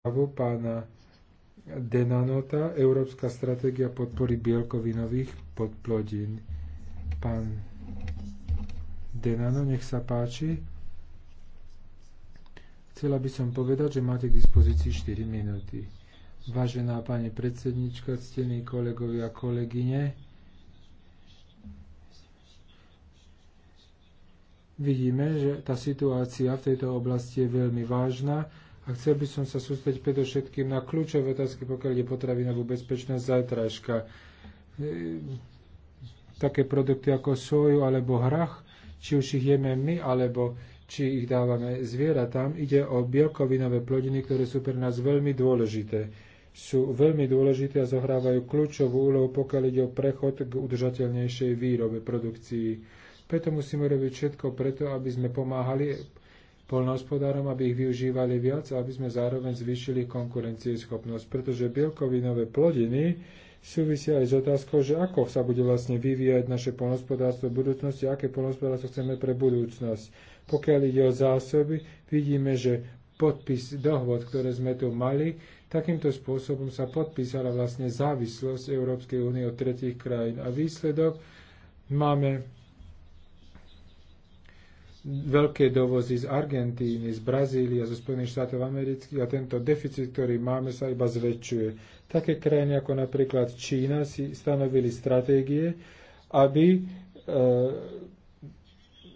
správu pána Denanota, Európska stratégia podpory bielkovinových podplodín. Pán Denano, nech sa páči. Chcela by som povedať, že máte k dispozícii 4 minúty. Vážená pani predsednička, ctení kolegovia a kolegyne, vidíme, že tá situácia v tejto oblasti je veľmi vážna a chcel by som sa sústrediť predovšetkým na kľúčové otázky, pokiaľ ide potravinovú bezpečnosť zajtrajška. E, také produkty ako soju alebo hrach, či už ich jeme my, alebo či ich dávame zviera tam, ide o bielkovinové plodiny, ktoré sú pre nás veľmi dôležité. Sú veľmi dôležité a zohrávajú kľúčovú úlohu, pokiaľ ide o prechod k udržateľnejšej výrobe, produkcii. Preto musíme robiť všetko preto, aby sme pomáhali polnohospodárom, aby ich využívali viac a aby sme zároveň zvýšili konkurencieschopnosť, pretože bielkovinové plodiny súvisia aj s otázkou, že ako sa bude vlastne vyvíjať naše polnohospodárstvo v budúcnosti, aké polnohospodárstvo chceme pre budúcnosť. Pokiaľ ide o zásoby, vidíme, že podpis dohod, ktoré sme tu mali, takýmto spôsobom sa podpísala vlastne závislosť Európskej únie od tretich krajín. A výsledok máme veľké dovozy z Argentíny, z Brazílie, zo Spojených štátov amerických a tento deficit, ktorý máme, sa iba zväčšuje. Také krajiny ako napríklad Čína si stanovili stratégie, aby e,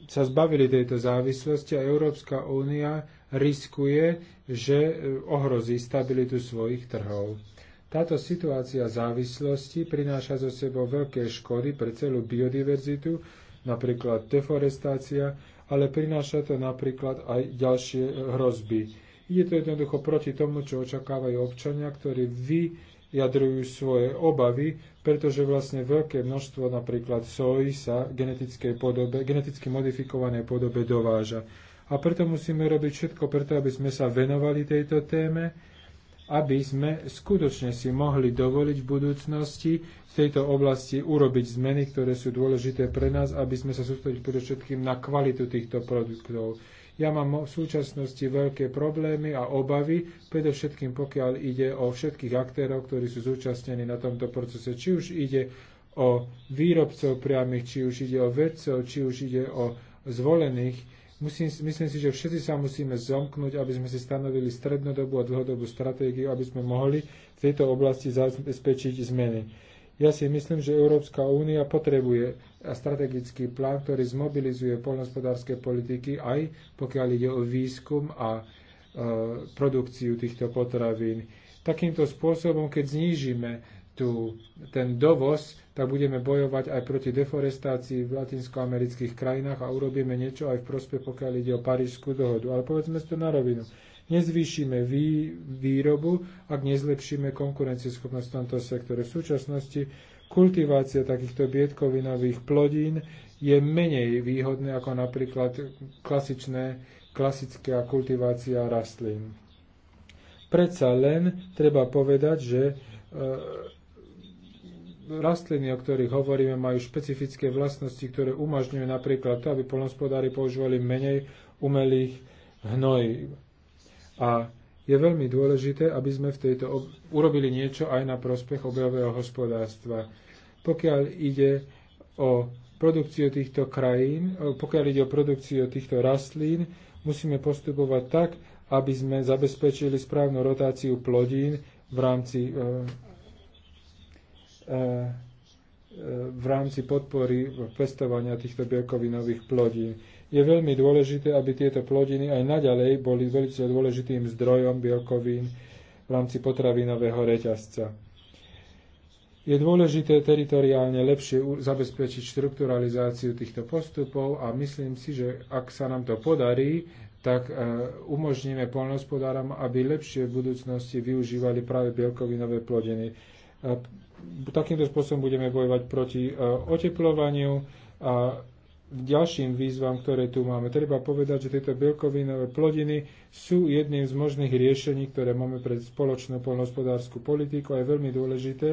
sa zbavili tejto závislosti a Európska únia riskuje, že e, ohrozí stabilitu svojich trhov. Táto situácia závislosti prináša zo sebou veľké škody pre celú biodiverzitu, napríklad deforestácia, ale prináša to napríklad aj ďalšie e, hrozby. Ide to jednoducho proti tomu, čo očakávajú občania, ktorí vyjadrujú svoje obavy, pretože vlastne veľké množstvo napríklad soji sa genetickej podobe, geneticky modifikovanej podobe dováža. A preto musíme robiť všetko preto, aby sme sa venovali tejto téme, aby sme skutočne si mohli dovoliť v budúcnosti v tejto oblasti urobiť zmeny, ktoré sú dôležité pre nás, aby sme sa sústredili predovšetkým na kvalitu týchto produktov. Ja mám v súčasnosti veľké problémy a obavy, predovšetkým pokiaľ ide o všetkých aktérov, ktorí sú zúčastnení na tomto procese. Či už ide o výrobcov priamých, či už ide o vedcov, či už ide o zvolených Musím, myslím si, že všetci sa musíme zomknúť, aby sme si stanovili strednodobú a dlhodobú stratégiu, aby sme mohli v tejto oblasti zabezpečiť zmeny. Ja si myslím, že Európska únia potrebuje strategický plán, ktorý zmobilizuje poľnohospodárske politiky aj pokiaľ ide o výskum a e, produkciu týchto potravín. Takýmto spôsobom, keď znížime tú, ten dovoz, tak budeme bojovať aj proti deforestácii v latinskoamerických krajinách a urobíme niečo aj v prospech, pokiaľ ide o Parížskú dohodu. Ale povedzme si to na rovinu. Nezvýšime vý, výrobu, ak nezlepšíme konkurencieschopnosť v tomto sektore. V súčasnosti kultivácia takýchto biedkovinových plodín je menej výhodné ako napríklad klasičné, klasická kultivácia rastlín. Predsa len treba povedať, že e, rastliny, o ktorých hovoríme, majú špecifické vlastnosti, ktoré umožňujú napríklad to, aby polnospodári používali menej umelých hnojí. A je veľmi dôležité, aby sme v tejto ob- urobili niečo aj na prospech obehového hospodárstva. Pokiaľ ide o produkciu týchto krajín, pokiaľ ide o produkciu týchto rastlín, musíme postupovať tak, aby sme zabezpečili správnu rotáciu plodín v rámci e, v rámci podpory pestovania týchto bielkovinových plodín. Je veľmi dôležité, aby tieto plodiny aj naďalej boli veľmi dôležitým zdrojom bielkovín v rámci potravinového reťazca. Je dôležité teritoriálne lepšie zabezpečiť štrukturalizáciu týchto postupov a myslím si, že ak sa nám to podarí, tak e, umožníme poľnohospodárom, aby lepšie v budúcnosti využívali práve bielkovinové plodiny takýmto spôsobom budeme bojovať proti e, oteplovaniu a ďalším výzvam, ktoré tu máme. Treba povedať, že tieto bielkovinové plodiny sú jedným z možných riešení, ktoré máme pre spoločnú poľnohospodárskú politiku a je veľmi dôležité,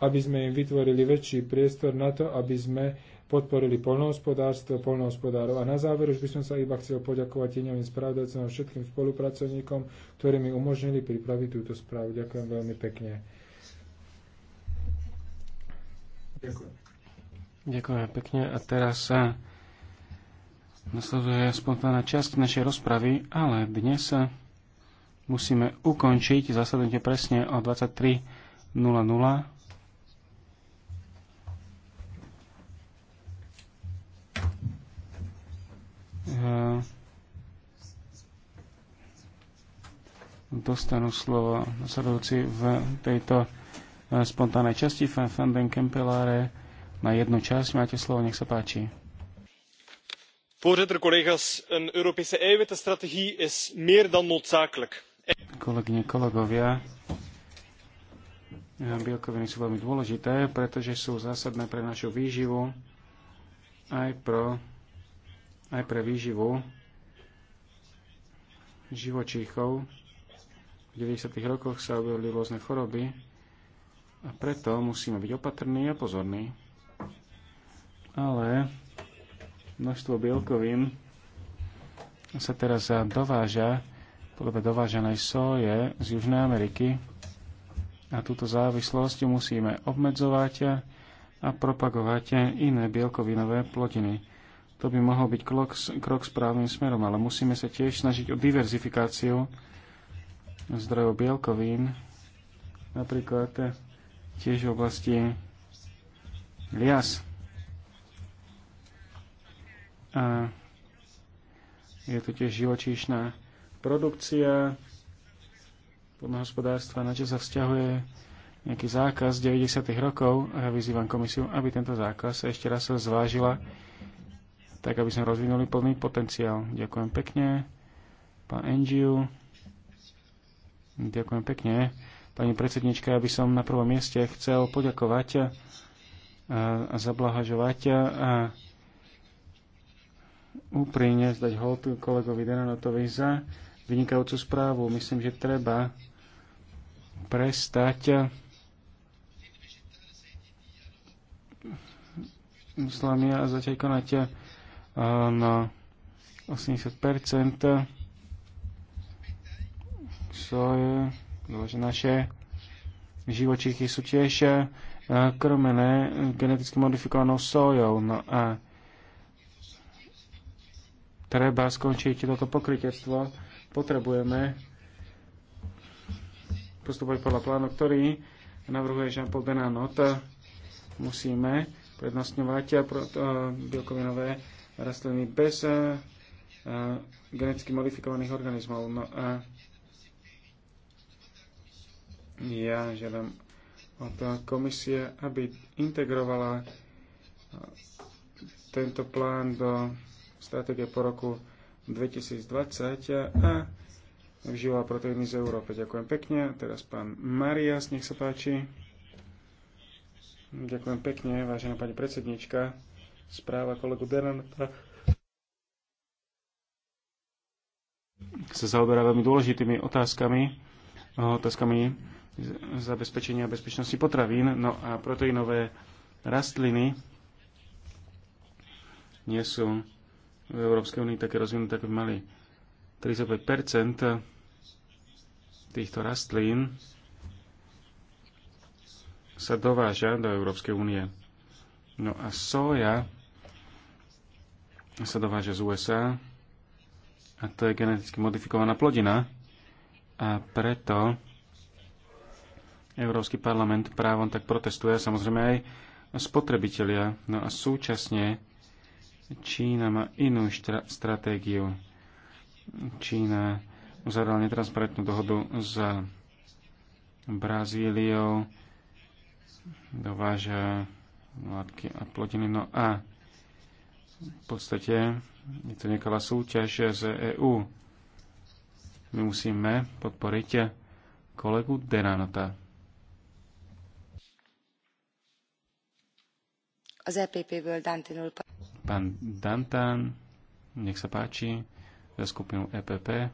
aby sme im vytvorili väčší priestor na to, aby sme podporili poľnohospodárstvo, poľnohospodárov. A na záver už by som sa iba chcel poďakovať tieňovým spravodajcom a všetkým spolupracovníkom, ktorí mi umožnili pripraviť túto správu. Ďakujem veľmi pekne. Ďakujem. Ďakujem pekne. A teraz sa eh, nasleduje spontánna časť našej rozpravy, ale dnes sa eh, musíme ukončiť zasadnutie presne o 23.00. Eh, dostanú slovo nasledujúci v tejto Eh, spontánnej časti Fan den Kempelare na jednu časť. Máte slovo, nech sa páči. Voorzitter, collega's, een Europese eiwittenstrategie is meer dan noodzakelijk. Kolegyne, kolegovia, eh, bielkoviny sú veľmi dôležité, pretože sú zásadné pre našu výživu, aj, pro, aj pre výživu živočíchov. V 90. rokoch sa objavili rôzne choroby, a preto musíme byť opatrní a pozorní. Ale množstvo bielkovín sa teraz dováža, podľa dovážanej soje z Južnej Ameriky. A túto závislosť musíme obmedzovať a propagovať iné bielkovinové plodiny. To by mohol byť krok, krok správnym smerom, ale musíme sa tiež snažiť o diverzifikáciu zdrojov bielkovín, napríklad tiež v oblasti lias. A je to tiež živočíšna produkcia podnohospodárstva, na čo sa vzťahuje nejaký zákaz 90. rokov. A ja vyzývam komisiu, aby tento zákaz ešte raz sa zvážila, tak aby sme rozvinuli plný potenciál. Ďakujem pekne, pán Engiu. Ďakujem pekne. Pani predsednička, ja by som na prvom mieste chcel poďakovať a zablahažovať a úprimne zdať hold kolegovi Denanotovi za vynikajúcu správu. Myslím, že treba prestať islamia a začať konať na 80% soje No, naše živočíchy sú tiež e, krmené geneticky modifikovanou sojou. No a treba skončiť toto pokrytectvo. Potrebujeme postupovať podľa plánu, ktorý navrhuje Jean-Paul Benanot. Musíme prednostňovať biokovinové rastliny bez e, geneticky modifikovaných organizmov. No a ja žiadam od komisie, aby integrovala tento plán do stratégie po roku 2020 a vyžila proteíny z Európy. Ďakujem pekne. Teraz pán Marias, nech sa páči. Ďakujem pekne, vážená pani predsednička. Správa kolegu Denanta sa zaoberá veľmi dôležitými otázkami, otázkami zabezpečenia bezpečnosti potravín. No a proteínové rastliny nie sú v Európskej únii také rozvinuté, ako by mali. 35 týchto rastlín sa dováža do Európskej únie. No a soja sa dováža z USA a to je geneticky modifikovaná plodina a preto Európsky parlament právom tak protestuje a samozrejme aj spotrebitelia. No a súčasne Čína má inú štra- stratégiu. Čína uzavrela netransparentnú dohodu s Brazíliou, dováža látky a plodiny. No a v podstate je to nekalá súťaž z EÚ. My musíme podporiť kolegu Denanota. az EPP-ből Dantinul. Pán Dantan, nech sa páči, za skupinu EPP.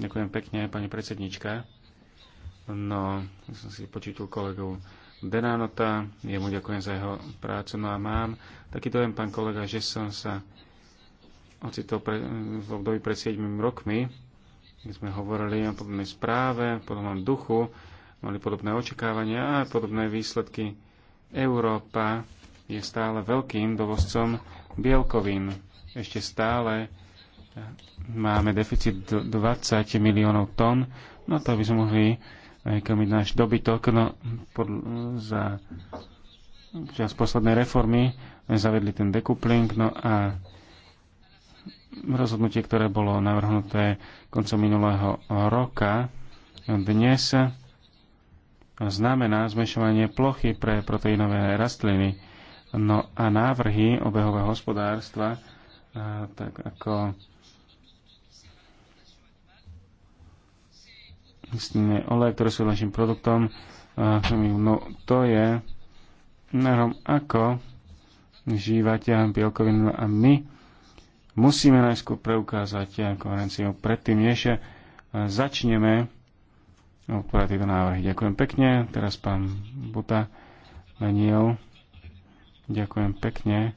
Ďakujem pekne, pani predsednička. No, som si počítal kolegov Denánota, jemu ďakujem za jeho prácu. No a mám taký dojem, pán kolega, že som sa ocitol pre, v období pred 7 rokmi, keď sme hovorili o podobnej správe, podobnom duchu, mali podobné očakávania a podobné výsledky. Európa je stále veľkým dovozcom bielkovín. Ešte stále máme deficit 20 miliónov tón, no to by sme mohli eh, krmiť náš dobytok. No, pod, za čas poslednej reformy zavedli ten dekupling, no a rozhodnutie, ktoré bolo navrhnuté koncom minulého roka, dnes znamená zmešovanie plochy pre proteínové rastliny. No a návrhy obehového hospodárstva, tak ako istine olej, ktoré sú našim produktom, no to je nárom ako žívať bielkovinu a my musíme najskôr preukázať koherenciu predtým, než začneme odpovedá tieto návrhy. Ďakujem pekne. Teraz pán Buta Daniel. Ďakujem pekne.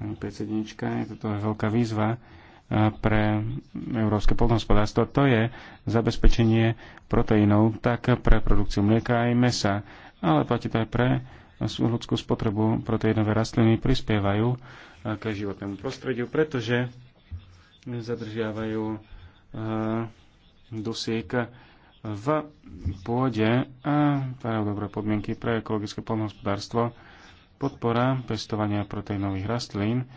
Pani predsednička, toto je veľká výzva eh, pre európske poľnohospodárstvo. To je zabezpečenie proteínov tak pre produkciu mlieka aj mesa, ale platí to aj pre ľudskú spotrebu. Proteínové rastliny prispievajú eh, k životnému prostrediu, pretože zadržiavajú eh, dosiek v pôde a dajú dobré podmienky pre ekologické poľnohospodárstvo, podpora pestovania proteínových rastlín,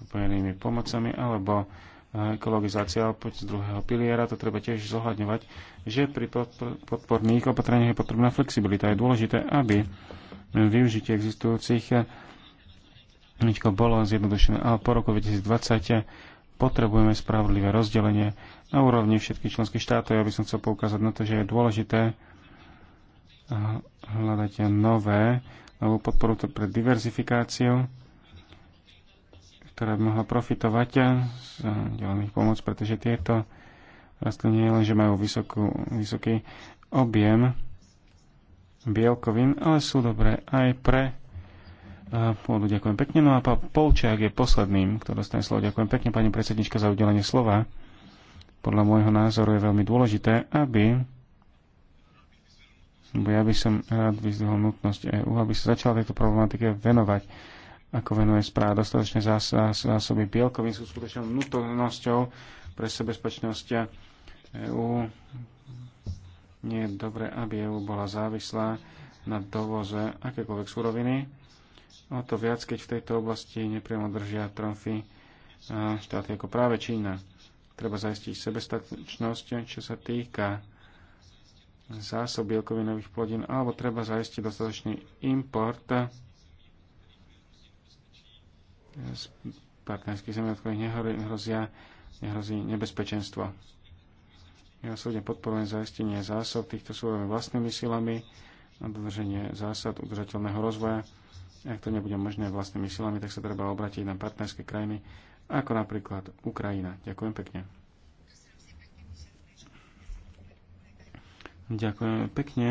popojenými pomocami alebo ekologizácia opäť z druhého piliera, to treba tiež zohľadňovať, že pri podporných opatreniach je potrebná flexibilita. Je dôležité, aby využitie existujúcich bolo zjednodušené. Ale po roku 2020 potrebujeme spravodlivé rozdelenie na úrovni všetkých členských štátov. Ja by som chcel poukázať na to, že je dôležité eh, hľadať nové, novú podporu pre diverzifikáciu, ktorá by mohla profitovať eh, z delených eh, pomoc, pretože tieto rastliny len, že majú vysokú, vysoký objem bielkovín, ale sú dobré aj pre pôdu. Ďakujem pekne. No a pán Polčák je posledným, kto dostane slovo. Ďakujem pekne, pani predsednička, za udelenie slova podľa môjho názoru je veľmi dôležité, aby lebo ja by som rád vyzdvihol nutnosť EÚ, aby sa začala tejto problematike venovať. Ako venuje správa, dostatočné zásoby bielkovín sú skutočnou nutnosťou pre sebezpečnosť EÚ. Nie je dobré, aby EÚ bola závislá na dovoze akékoľvek suroviny. O to viac, keď v tejto oblasti nepriamo držia tromfy e, štáty ako práve Čína. Treba zaistiť sebestačnosť, čo sa týka zásob bielkovinových plodín, alebo treba zaistiť dostatočný import z partnerských zemí, od ktorých nehrozia, nehrozí nebezpečenstvo. Ja súdne podporujem zaistenie zásob týchto súrovín vlastnými silami a dodrženie zásad udržateľného rozvoja. Ak to nebude možné vlastnými silami, tak sa treba obrátiť na partnerské krajiny ako napríklad Ukrajina. Ďakujem pekne. Ďakujem pekne.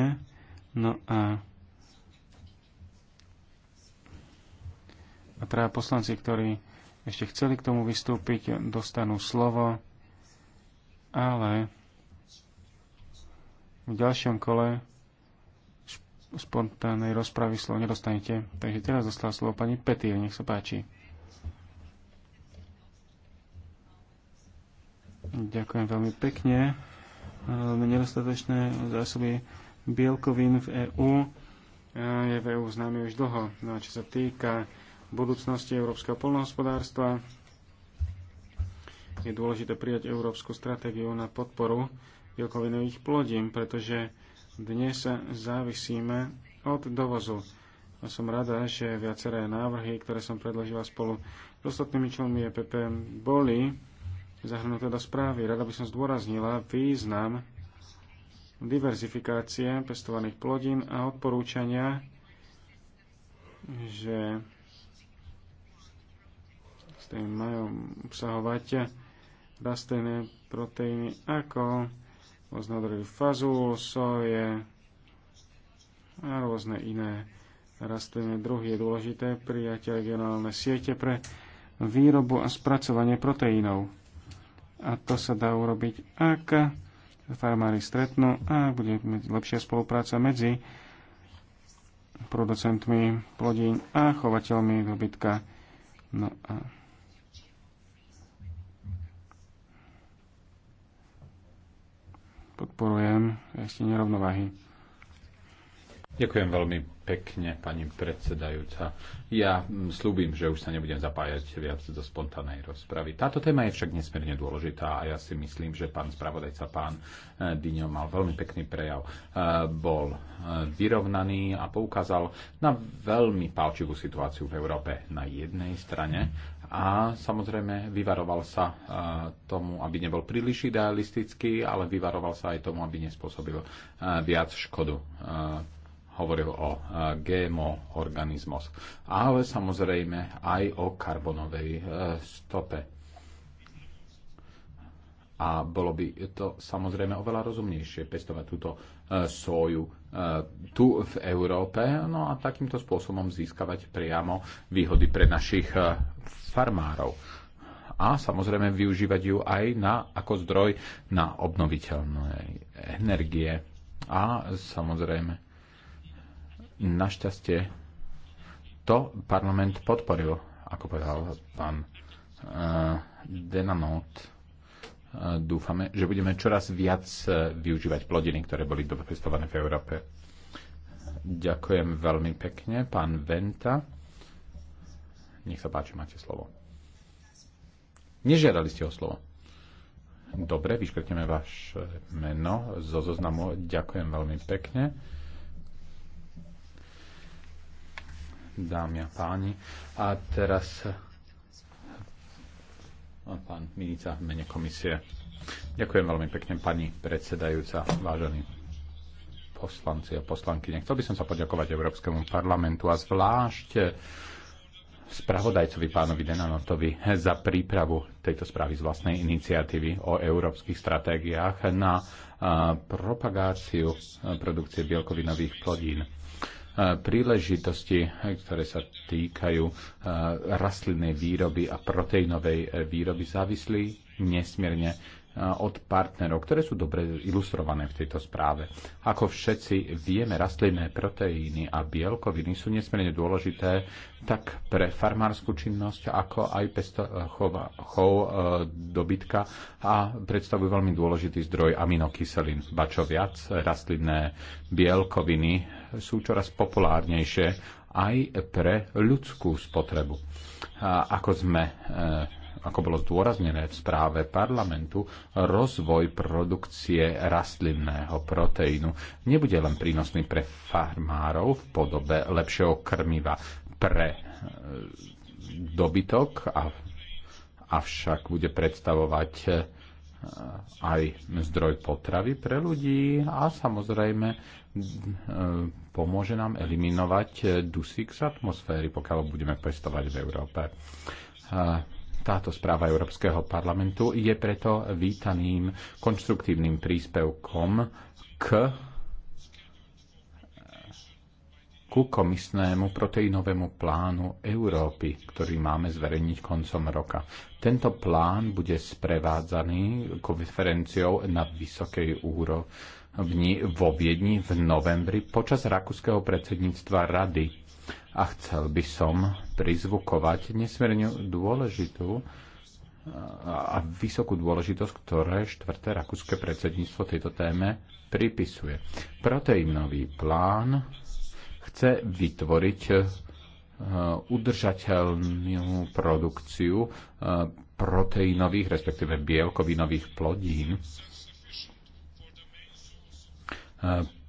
No a, a teda poslanci, ktorí ešte chceli k tomu vystúpiť, dostanú slovo, ale v ďalšom kole spontánnej rozpravy slovo nedostanete. Takže teraz dostala slovo pani Petýr, nech sa páči. Ďakujem veľmi pekne. Nedostatočné zásoby bielkovín v EÚ je v EÚ známy už dlho. No a čo sa týka budúcnosti európskeho polnohospodárstva, je dôležité prijať európsku stratégiu na podporu bielkovinových plodín, pretože dnes závisíme od dovozu. A som rada, že viaceré návrhy, ktoré som predložila spolu s ostatnými členmi EPP, boli zahrnuté teda správy. Rada by som zdôraznila význam diverzifikácie pestovaných plodín a odporúčania, že ste majú obsahovať rastlinné proteíny ako rôzne fazul, soje a rôzne iné rastlinné druhy. Je dôležité prijať regionálne siete pre výrobu a spracovanie proteínov. A to sa dá urobiť, ak farmári stretnú a bude lepšia spolupráca medzi producentmi plodín a chovateľmi dobytka. No a podporujem ešte nerovnováhy. Ďakujem veľmi pekne, pani predsedajúca. Ja mm, slúbim, že už sa nebudem zapájať viac do spontánej rozpravy. Táto téma je však nesmierne dôležitá a ja si myslím, že pán spravodajca, pán eh, Dino mal veľmi pekný prejav. Eh, bol eh, vyrovnaný a poukázal na veľmi palčivú situáciu v Európe na jednej strane a samozrejme vyvaroval sa tomu, aby nebol príliš idealistický, ale vyvaroval sa aj tomu, aby nespôsobil viac škodu hovoril o e, GMO organizmoch, ale samozrejme aj o karbonovej e, stope. A bolo by to samozrejme oveľa rozumnejšie pestovať túto e, soju tu v Európe no a takýmto spôsobom získavať priamo výhody pre našich farmárov. A samozrejme využívať ju aj na, ako zdroj na obnoviteľné energie. A samozrejme Našťastie to parlament podporil, ako povedal pán uh, Denanot. Uh, dúfame, že budeme čoraz viac eh, využívať plodiny, ktoré boli dopestované v Európe. Ďakujem veľmi pekne, pán Venta. Nech sa páči, máte slovo. Nežiadali ste o slovo. Dobre, vyškrtneme vaše meno zo zoznamu. Ďakujem veľmi pekne. dámy a páni. A teraz pán Minica v mene komisie. Ďakujem veľmi pekne, pani predsedajúca, vážení poslanci a poslanky. Chcel by som sa poďakovať Európskemu parlamentu a zvlášť spravodajcovi pánovi Denanotovi za prípravu tejto správy z vlastnej iniciatívy o európskych stratégiách na propagáciu produkcie bielkovinových plodín príležitosti, ktoré sa týkajú rastlinnej výroby a proteínovej e, výroby, závislí nesmierne od partnerov, ktoré sú dobre ilustrované v tejto správe. Ako všetci vieme, rastlinné proteíny a bielkoviny sú nesmierne dôležité tak pre farmárskú činnosť, ako aj pesto, chov, chov e, dobytka a predstavujú veľmi dôležitý zdroj aminokyselín. Ba čo viac, rastlinné bielkoviny sú čoraz populárnejšie aj pre ľudskú spotrebu. A ako sme e, ako bolo zdôraznené v správe parlamentu, rozvoj produkcie rastlinného proteínu nebude len prínosný pre farmárov v podobe lepšieho krmiva pre e, dobytok, avšak bude predstavovať e, aj zdroj potravy pre ľudí a samozrejme e, pomôže nám eliminovať dusík z atmosféry, pokiaľ budeme pestovať v Európe táto správa Európskeho parlamentu je preto vítaným konštruktívnym príspevkom k ku komisnému proteínovému plánu Európy, ktorý máme zverejniť koncom roka. Tento plán bude sprevádzaný konferenciou na vysokej úrovni vo Viedni v novembri počas rakúskeho predsedníctva Rady a chcel by som prizvukovať nesmierne dôležitú a vysokú dôležitosť, ktoré štvrté rakúske predsedníctvo tejto téme pripisuje. Proteínový plán chce vytvoriť e, udržateľnú produkciu e, proteínových, respektíve bielkovinových plodín, e,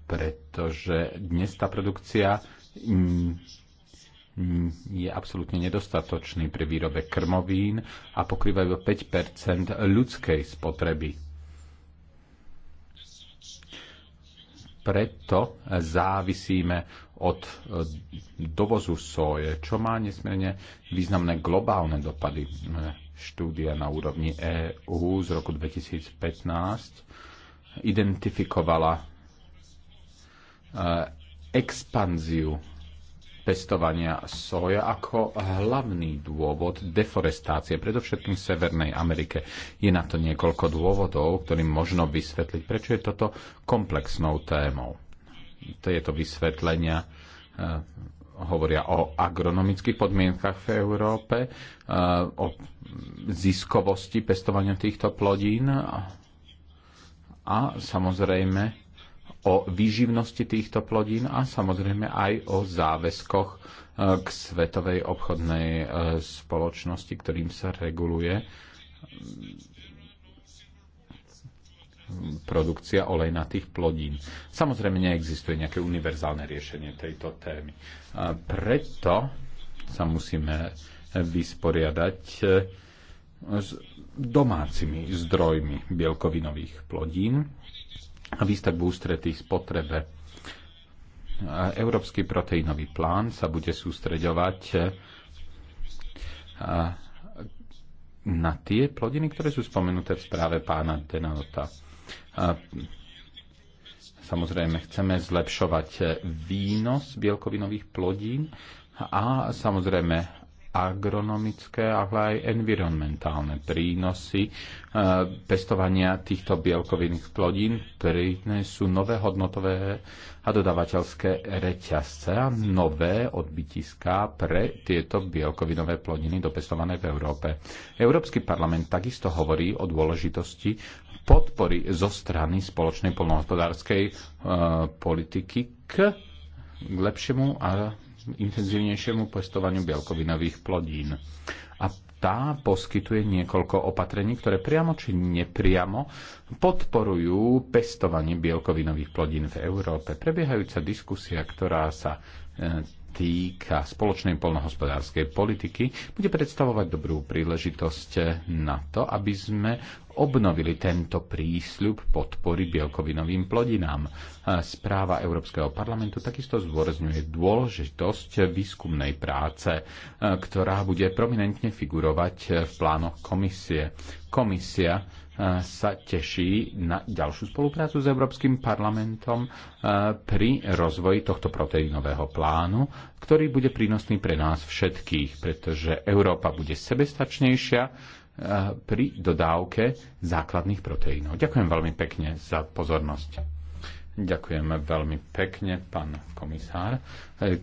pretože dnes tá produkcia Mm, mm, je absolútne nedostatočný pri výrobe krmovín a pokrývajú 5 ľudskej spotreby. Preto závisíme od eh, dovozu soje, čo má nesmierne významné globálne dopady. Eh, štúdia na úrovni EU z roku 2015 identifikovala eh, expanziu pestovania soja ako hlavný dôvod deforestácie, predovšetkým v Severnej Amerike. Je na to niekoľko dôvodov, ktorým možno vysvetliť, prečo je toto komplexnou témou. Tieto vysvetlenia eh, hovoria o agronomických podmienkach v Európe, eh, o ziskovosti pestovania týchto plodín a samozrejme o výživnosti týchto plodín a samozrejme aj o záväzkoch eh, k Svetovej obchodnej eh, spoločnosti, ktorým sa reguluje mm, produkcia olejnatých plodín. Samozrejme neexistuje nejaké univerzálne riešenie tejto témy. A preto sa musíme vysporiadať eh, s domácimi zdrojmi bielkovinových plodín a výstavbu ústretí spotrebe. Európsky proteínový plán sa bude sústreďovať e, na tie plodiny, ktoré sú spomenuté v správe pána Denota. Samozrejme, chceme zlepšovať e, výnos bielkovinových plodín a samozrejme agronomické, ale aj environmentálne prínosy e, pestovania týchto bielkovinných plodín sú nové hodnotové a dodavateľské reťazce a nové odbytiská pre tieto bielkovinové plodiny dopestované v Európe. Európsky parlament takisto hovorí o dôležitosti podpory zo strany spoločnej polnohospodárskej e, politiky k k lepšiemu a intenzívnejšiemu pestovaniu bielkovinových plodín. A tá poskytuje niekoľko opatrení, ktoré priamo či nepriamo podporujú pestovanie bielkovinových plodín v Európe. Prebiehajúca diskusia, ktorá sa e, týka spoločnej polnohospodárskej politiky, bude predstavovať dobrú príležitosť na to, aby sme obnovili tento prísľub podpory bielkovinovým plodinám. Správa Európskeho parlamentu takisto zdôrazňuje dôležitosť výskumnej práce, ktorá bude prominentne figurovať v plánoch komisie. Komisia sa teší na ďalšiu spoluprácu s Európskym parlamentom pri rozvoji tohto proteínového plánu, ktorý bude prínosný pre nás všetkých, pretože Európa bude sebestačnejšia pri dodávke základných proteínov. Ďakujem veľmi pekne za pozornosť. Ďakujem veľmi pekne, pán komisár. E,